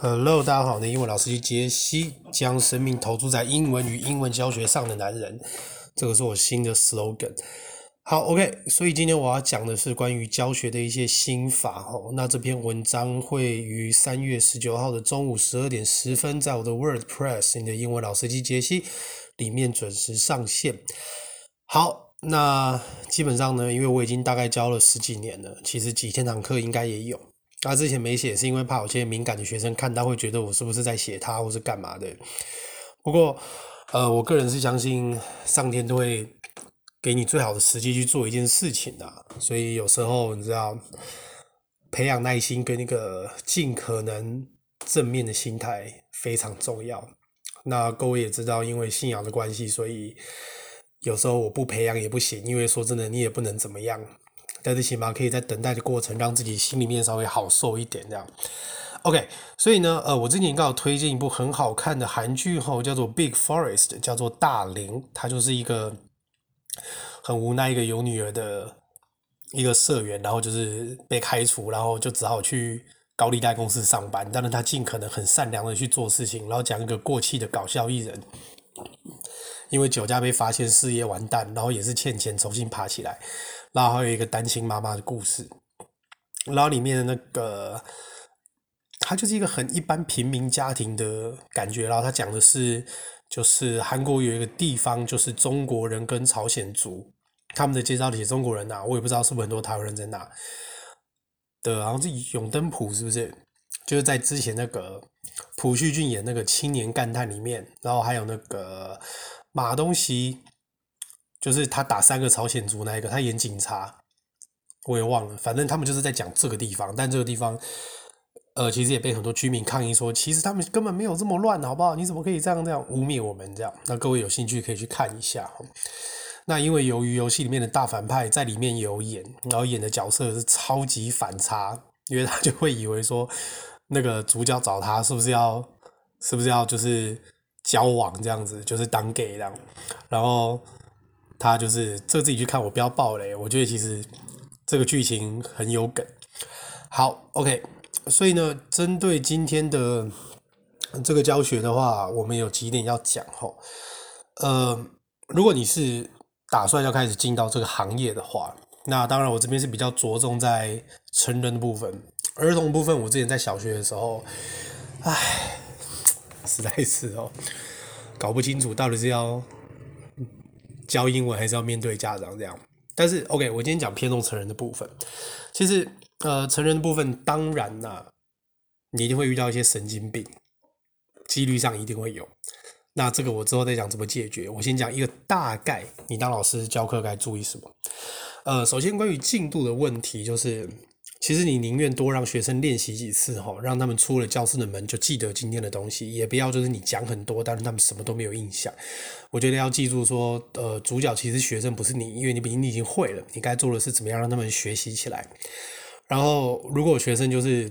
哈嘍，大家好！呢，英文老師機傑西，將生命投注在英文與英文教學上的男人，這個是我新的 slogan。好，OK，所以今天我要講的是關於教學的一些心法哦。那這篇文章會於三月十九號的中午十二點十分，在我的 WordPress《你的英文老師機傑西》裡面準時上線。好，那基本上呢，因為我已經大概教了十幾年了，其實幾千堂課應該也有。那、啊、之前沒寫，是因為怕有些敏感的學生看到會覺得我是不是在寫他，或是幹嘛的。不過，呃，我個人是相信上天都會給你最好的時機去做一件事情的，啊，所以有時候你知道，培養耐心跟那個盡可能正面的心態非常重要。那各位也知道，因為信仰的關係，所以有時候我不培養也不行，因為說真的，你也不能怎麼樣。但是起碼可以在等待的過程，讓自己心裡面稍微好受一點這樣。OK，所以呢，呃，我之前剛好推薦一部很好看的韓劇哦，叫做《Big Forest》，叫做，Big Forest，叫做大《大林，他就是一個很無奈一個有女兒的一個社員，然後就是被開除，然後就只好去高利貸公司上班。但是他盡可能很善良的去做事情，然後講一個過氣的搞笑藝人，因為酒駕被發現，事業完蛋，然後也是欠錢，重新爬起來。然後還有一個單親媽媽的故事，然後裡面的那個，他就是一個很一般平民家庭的感覺。然後他講的是，就是韓國有一個地方，就是中國人跟朝鮮族，他們的介紹裡寫中國人吶，我也不知道是不是很多台灣人在那。對，然後是永登浦，是不是？就是在之前那個朴敘俊演那個青年幹探裡面，然後還有那個馬東錫。就是他打三個朝鮮族那一個，他演警察，我也忘了。反正他們就是在講這個地方，但這個地方，呃，其實也被很多居民抗議說，其實他們根本沒有這麼亂，好不好？你怎麼可以這樣這樣污衊我們這樣？那各位有興趣可以去看一下。那因為由於遊戲裡面的大反派在裡面有演，然後演的角色是超級反差，因為他就會以為說那個主角找他是不是要是不是要就是交往這樣子，就是當 gay 這樣，然後。他就是，這自己去看，我不要爆雷。我覺得其實這個劇情很有梗。好，OK。所以呢，針對今天的這個教學的話，我們有幾點要講吼、哦。呃，如果你是打算要開始進到這個行業的話，那當然我這邊是比較着重在成人的部分，兒童部分我之前在小學的時候，唉，實在是哦，搞不清楚到底是要。教英文還是要面對家長這樣，但是 OK，我今天講偏重成人的部分。其實，呃，成人的部分當然了啊，你一定會遇到一些神經病，幾率上一定會有。那這個我之後再講怎麼解決。我先講一個大概，你當老師教課該注意什麼？呃，首先關於進度的問題，就是。其實你寧願多讓學生練習幾次哈，讓他們出了教室的門就記得今天的東西，也不要就是你講很多，但是他們什麼都沒有印象。我覺得要記住說，呃，主角其實學生不是你，因為你你你已經會了，你該做的是怎麼樣讓他們學習起來。然後如果學生就是。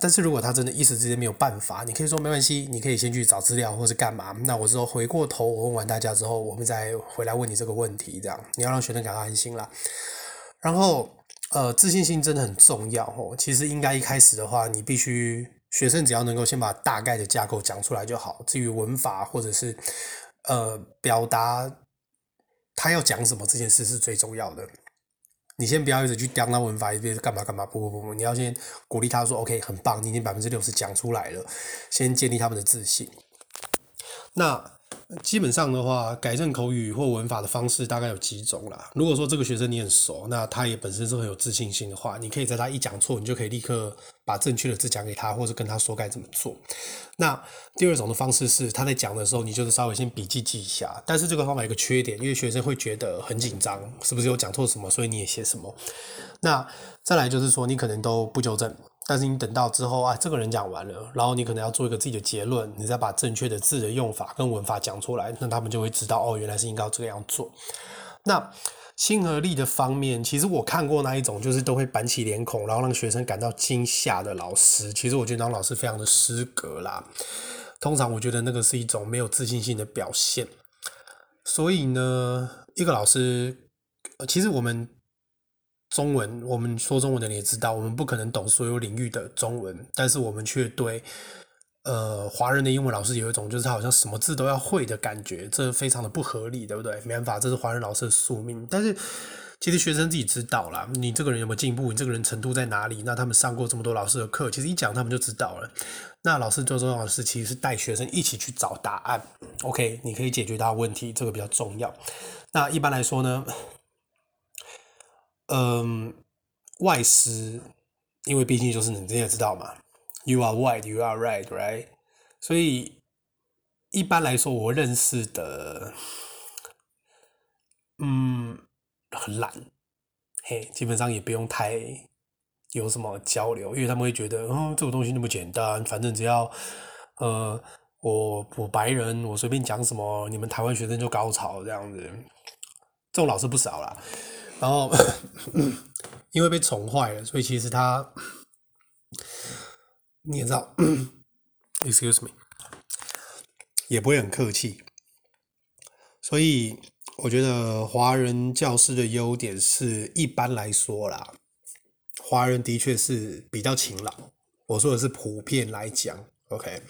但是如果他真的一時之間沒有辦法，你可以說沒關係，你可以先去找資料或是幹嘛。那我之後回過頭，我問完大家之後，我們再回來問你這個問題，這樣你要讓學生感到安心啦。然後，呃，自信心真的很重要哦。其實應該一開始的話，你必須學生只要能夠先把大概的架構講出來就好。至於文法或者是呃表達他要講什麼這件事是最重要的。你先不要一直去刁他文法，一邊幹嘛幹嘛。不不不不，你要先鼓勵他說：“OK，很棒，你已經百分之六十講出來了。”先建立他們的自信。那。基本上的話，改正口語或文法的方式大概有幾種啦。如果說這個學生你很熟，那他也本身是很有自信心的話，你可以在他一講錯，你就可以立刻把正確的字講給他，或者跟他說該怎麼做。那第二種的方式是他在講的時候，你就是稍微先筆記記一下。但是這個方法有個缺點，因為學生會覺得很緊張，是不是有講錯什麼，所以你也寫什麼。那再來就是說，你可能都不糾正。但是你等到之後啊、哎，這個人講完了，然後你可能要做一個自己的結論，你再把正確的字的用法跟文法講出來，那他們就會知道哦，原來是應該要這樣做。那親和力的方面，其實我看過那一種，就是都會板起臉孔，然後讓學生感到驚嚇的老師，其實我覺得那老師非常的失格啦。通常我覺得那個是一種沒有自信心的表現。所以呢，一個老師，其實我們。中文，我們說中文的你也知道，我們不可能懂所有領域的中文，但是我們卻對，呃，華人的英文老師有一種就是他好像什麼字都要會的感覺，這非常的不合理，對不對？沒辦法，這是華人老師的宿命。但是其實學生自己知道了，你這個人有沒有進步，你這個人程度在哪裡？那他們上過這麼多老師的課，其實一講他們就知道了。那老師最重要的事其實是帶學生一起去找答案。OK，你可以解決他問題，這個比較重要。那一般來說呢？嗯、呃，外師，因為畢竟就是你你也知道嘛，You are white, you are right, right？所以一般來說我認識的，嗯，很懶，嘿，基本上也不用太有什麼交流，因為他們會覺得，嗯、哦，這種、個、東西那麼簡單，反正只要，呃，我我白人，我隨便講什麼，你們台灣學生就高潮這樣子，這種老師不少了。然後，因為被寵壞了，所以其實他，你也知道，excuse me，也不會很客氣。所以我覺得華人教師的優點是，一般來說啦，華人的確是比較勤勞。我說的是普遍來講，OK。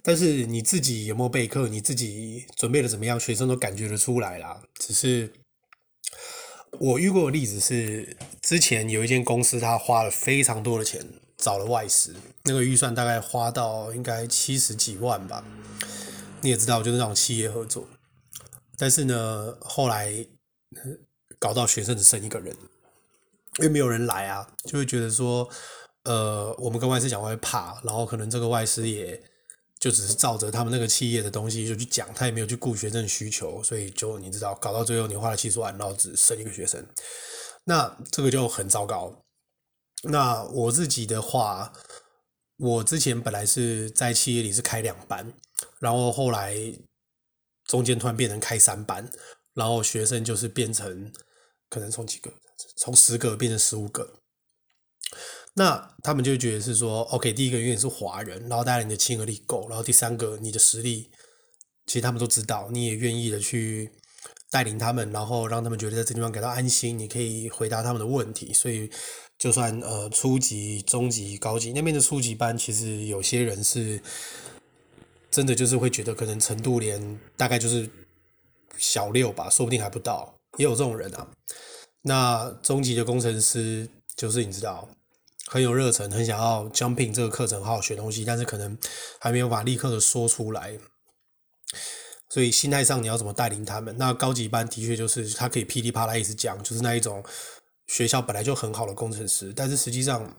但是你自己有沒有備課，你自己準備的怎麼樣，學生都感覺得出來啦，只是。我遇過的例子是，之前有一間公司，他花了非常多的錢找了外師，那個預算大概花到應該七十幾萬吧。你也知道，就是那種企業合作。但是呢，後來搞到學生只剩一個人，因為沒有人來啊，就會覺得說，呃，我們跟外師講會怕，然後可能這個外師也。就只是照着他們那個企業的東西就去講，他也沒有去顧學生的需求，所以就你知道，搞到最後你花了七十萬，然後只剩一個學生，那這個就很糟糕。那我自己的話，我之前本來是在企業裡是開兩班，然後後來中間突然變成開三班，然後學生就是變成可能從幾個從十個變成十五個。那他們就覺得是說，OK，第一個原因是華人，然後帶領的親和力夠，Go, 然後第三個你的實力，其實他們都知道，你也願意的去帶領他們，然後讓他們覺得在這地方感到安心，你可以回答他們的問題。所以就算呃初級、中級、高級那邊的初級班，其實有些人是真的就是會覺得可能程度連大概就是小六吧，說不定還不到，也有這種人啊。那中級的工程師就是你知道。很有熱忱，很想要 jumping 這個課程好好學東西，但是可能還沒有辦法立刻的說出來，所以心態上你要怎麼帶領他們？那高級班的確就是他可以噼里啪啦一直講，就是那一種學校本來就很好的工程師，但是實際上，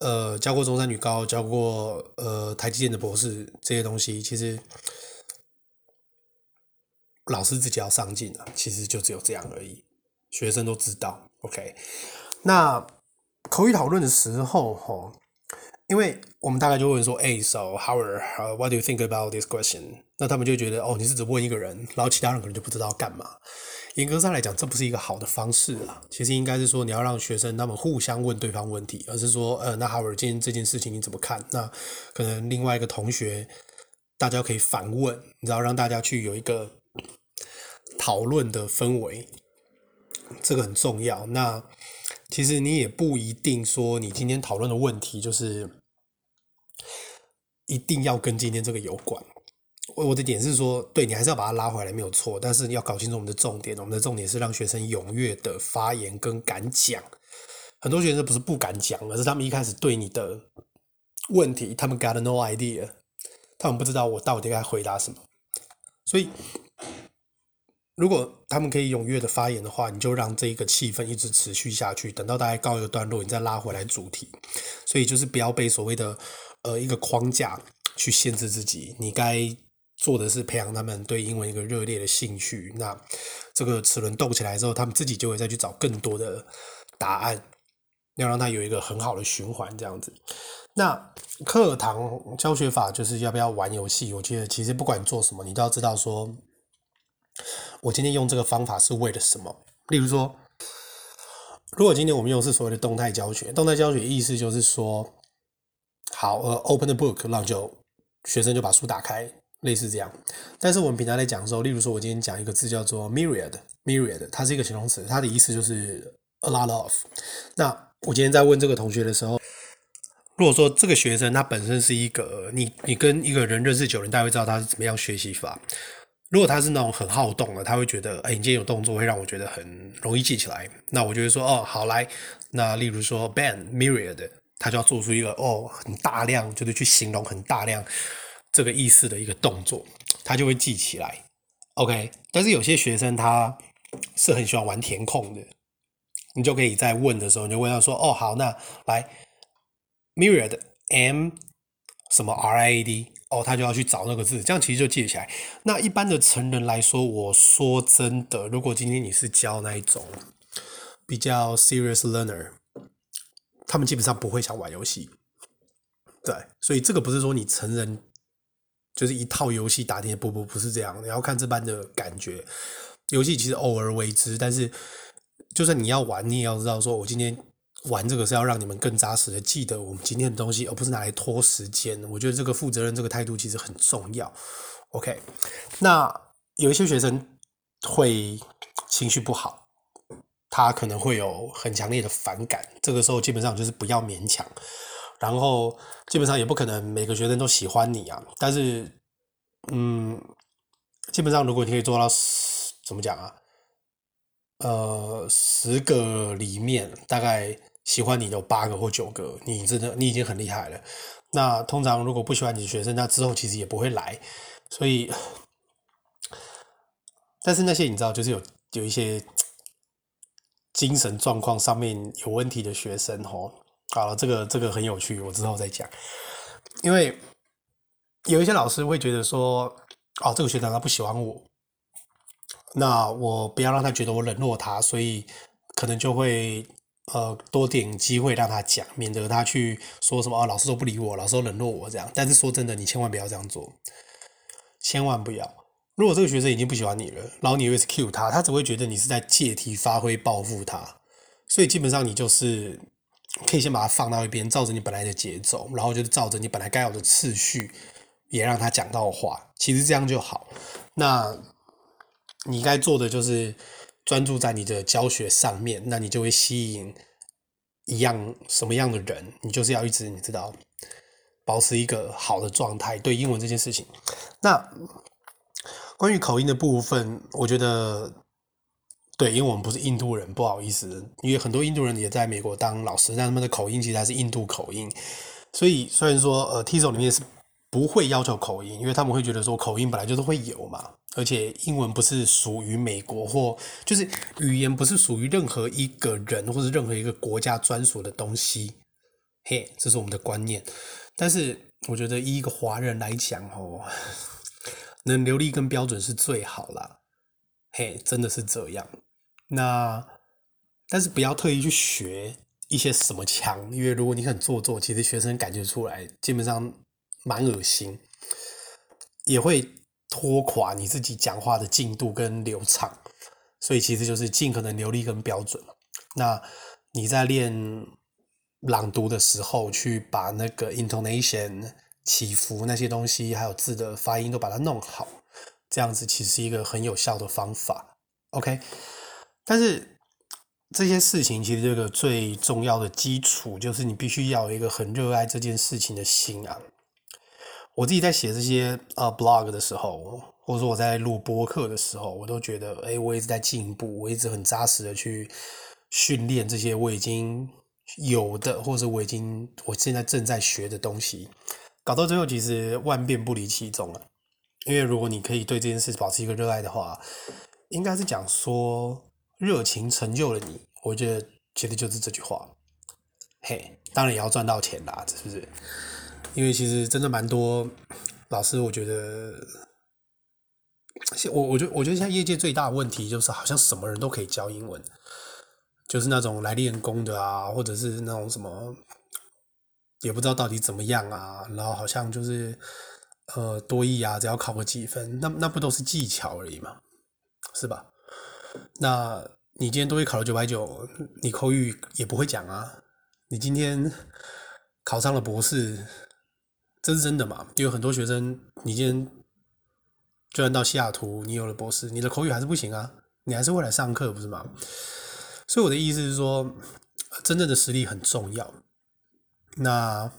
呃，教過中山女高，教過呃台積電的博士這些東西，其實老師自己要上進啊，其實就只有這樣而已，學生都知道。OK，那。口語討論的時候，哈，因為我們大概就問說，哎，So Howard，呃，What do you think about this question？那他們就覺得，哦，你是只問一個人，然後其他人可能就不知道幹嘛。嚴格上來講，這不是一個好的方式啊。其實應該是說，你要讓學生他們互相問對方問題，而是說，呃，那 Howard，今天這件事情你怎麼看？那可能另外一個同學，大家可以反問，你知道，讓大家去有一個討論的氛圍，這個很重要。那。其實你也不一定說，你今天討論的問題就是一定要跟今天這個有關。我的點是說，對你還是要把它拉回來沒有錯，但是你要搞清楚我們的重點。我們的重點是讓學生踴躍的發言跟敢講。很多學生不是不敢講，而是他們一開始對你的問題，他們 got no idea，他們不知道我到底該回答什麼，所以。如果他們可以踴躍的發言的話，你就讓這一個氣氛一直持續下去，等到大概告一個段落，你再拉回來主題。所以就是不要被所謂的呃一個框架去限制自己，你該做的是培養他們對英文一個熱烈的興趣。那這個齒輪動起來之後，他們自己就會再去找更多的答案，要讓他有一個很好的循環這樣子。那課堂教學法就是要不要玩遊戲？我覺得其實不管你做什麼，你都要知道說。我今天用這個方法是為了什麼？例如說，如果今天我們用的是所謂的動態教學，動態教學意思就是說，好，呃，open the book，那就學生就把書打開，類似這樣。但是我們平常在講的時候，例如說，我今天講一個字叫做 myriad，myriad，myriad, 它是一個形容詞，它的意思就是 a lot of 那。那我今天在問這個同學的時候，如果說這個學生他本身是一個，你你跟一個人認識久了，人大家會知道他是怎麼樣學習法。如果他是那種很好動的，他會覺得，哎、欸，你今天有動作會讓我覺得很容易記起來。那我就會說，哦，好來。那例如說，Ben Myriad 的，他就要做出一個，哦，很大量，就是去形容很大量這個意思的一個動作，他就會記起來。OK。但是有些學生他是很喜歡玩填空的，你就可以在問的時候，你就問他說，哦，好，那來，Myriad 的 M。什麼 R I A D 哦，他就要去找那個字，這樣其實就記起來。那一般的成人來說，我說真的，如果今天你是教那一種比較 serious learner，他們基本上不會想玩遊戲。對，所以這個不是說你成人就是一套遊戲打天，不不不是這樣，你要看這般的感覺。遊戲其實偶爾為之，但是就算你要玩，你也要知道說，我今天。玩這個是要讓你們更紮實的記得我們今天的東西，而不是拿來拖時間。我覺得這個負責任這個態度其實很重要。OK，那有一些學生會情緒不好，他可能會有很強烈的反感。這個時候基本上就是不要勉強，然後基本上也不可能每個學生都喜歡你啊。但是，嗯，基本上如果你可以做到，怎麼講啊？呃，十個裡面大概。喜歡你的八個或九個，你真的你已經很厲害了。那通常如果不喜歡你的學生，那之後其實也不會來。所以，但是那些你知道，就是有有一些精神狀況上面有問題的學生，哦，吼，好了，這個這個很有趣，我之後再講。因為有一些老師會覺得說，哦，這個學長他不喜歡我，那我不要讓他覺得我冷落他，所以可能就會。呃，多點機會讓他講，免得他去說什麼啊、哦，老師都不理我，老師都冷落我這樣。但是說真的，你千萬不要這樣做，千萬不要。如果這個學生已經不喜歡你了，然後你越是 cue 他，他只會覺得你是在借題發揮報復他。所以基本上你就是可以先把他放到一邊，照着你本來的節奏，然後就是照着你本來該有的次序，也讓他講到話。其實這樣就好。那你該做的就是。專注在你的教學上面，那你就會吸引一樣什麼樣的人？你就是要一直你知道，保持一個好的狀態對英文這件事情。那關於口音的部分，我覺得對，因為我們不是印度人，不好意思，因為很多印度人也在美國當老師，但他們的口音其實還是印度口音。所以雖然說呃，TESOL 裡面是不會要求口音，因為他們會覺得說口音本來就是會有嘛。而且英文不是屬於美國或就是語言不是屬於任何一個人或者任何一個國家專屬的東西，嘿，這是我們的觀念。但是我覺得以一個華人來講哦，能流利跟標準是最好啦，嘿，真的是這樣。那但是不要特意去學一些什麼腔，因為如果你很做作，其實學生感覺出來，基本上蠻惡心，也會。拖垮你自己講話的進度跟流暢，所以其實就是盡可能流利跟標準。那你在練朗讀的時候，去把那個 intonation 起伏那些東西，還有字的發音都把它弄好，這樣子其實是一個很有效的方法。OK，但是這些事情其實這個最重要的基礎就是你必須要有一個很熱愛這件事情的心啊。我自己在寫這些、uh, blog 的時候，或者說我在錄播客的時候，我都覺得，哎、欸，我一直在進步，我一直很扎實的去訓練這些我已經有的，或者是我已經我現在正在學的東西。搞到最後，其實萬變不離其宗了。因為如果你可以對這件事保持一個熱愛的話，應該是講說熱情成就了你。我覺得其實就是這句話。嘿、hey，當然也要賺到錢啦，是不是？因為其實真的蠻多老師，我覺得我我覺得我覺得現在業界最大的問題就是，好像什麼人都可以教英文，就是那種來練功的啊，或者是那種什麼也不知道到底怎麼樣啊，然後好像就是呃多益啊，只要考個幾分，那那不都是技巧而已嘛，是吧？那你今天多益考了九百九，你口語也不會講啊？你今天考上了博士？這是真的嘛？就有很多學生，你今天居然到西雅圖，你有了博士，你的口語還是不行啊，你還是會來上課，不是嗎？所以我的意思是說，真正的實力很重要。那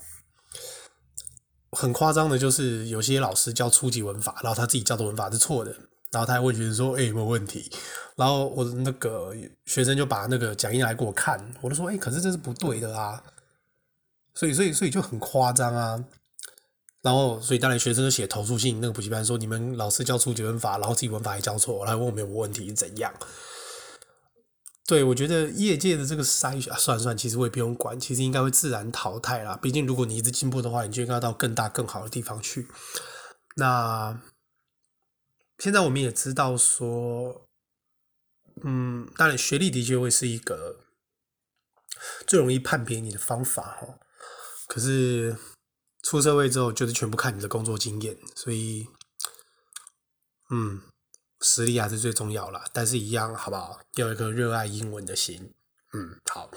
很誇張的，就是有些老師教初級文法，然後他自己教的文法是錯的，然後他還問學生說：“誒，有沒有問題？”然後我那個學生就把那個講義來給我看，我就說：“誒，可是這是不對的啊！”所以，所以，所以就很誇張啊。然後，所以當然，學生就寫投訴信，那個補習班說你們老師教出幾句法，然後自己文法還教錯，來問我沒有問題是怎樣？對，我覺得業界的這個篩選、啊，算了算了其實我也不用管，其實應該會自然淘汰啦。畢竟如果你一直進步的話，你就應該到更大更好的地方去。那現在我們也知道說，嗯，當然學歷的確會是一個最容易判別你的方法，可是。出社會之後就是全部看你的工作經驗，所以，嗯，實力還是最重要啦。但是，一樣，好不好？要有一顆熱愛英文的心。嗯，好。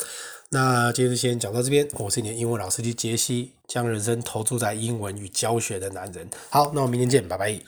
那今天就先講到這邊。我是你的英文老司機傑西，將人生投注在英文與教學的男人。好，那我明天見，拜拜。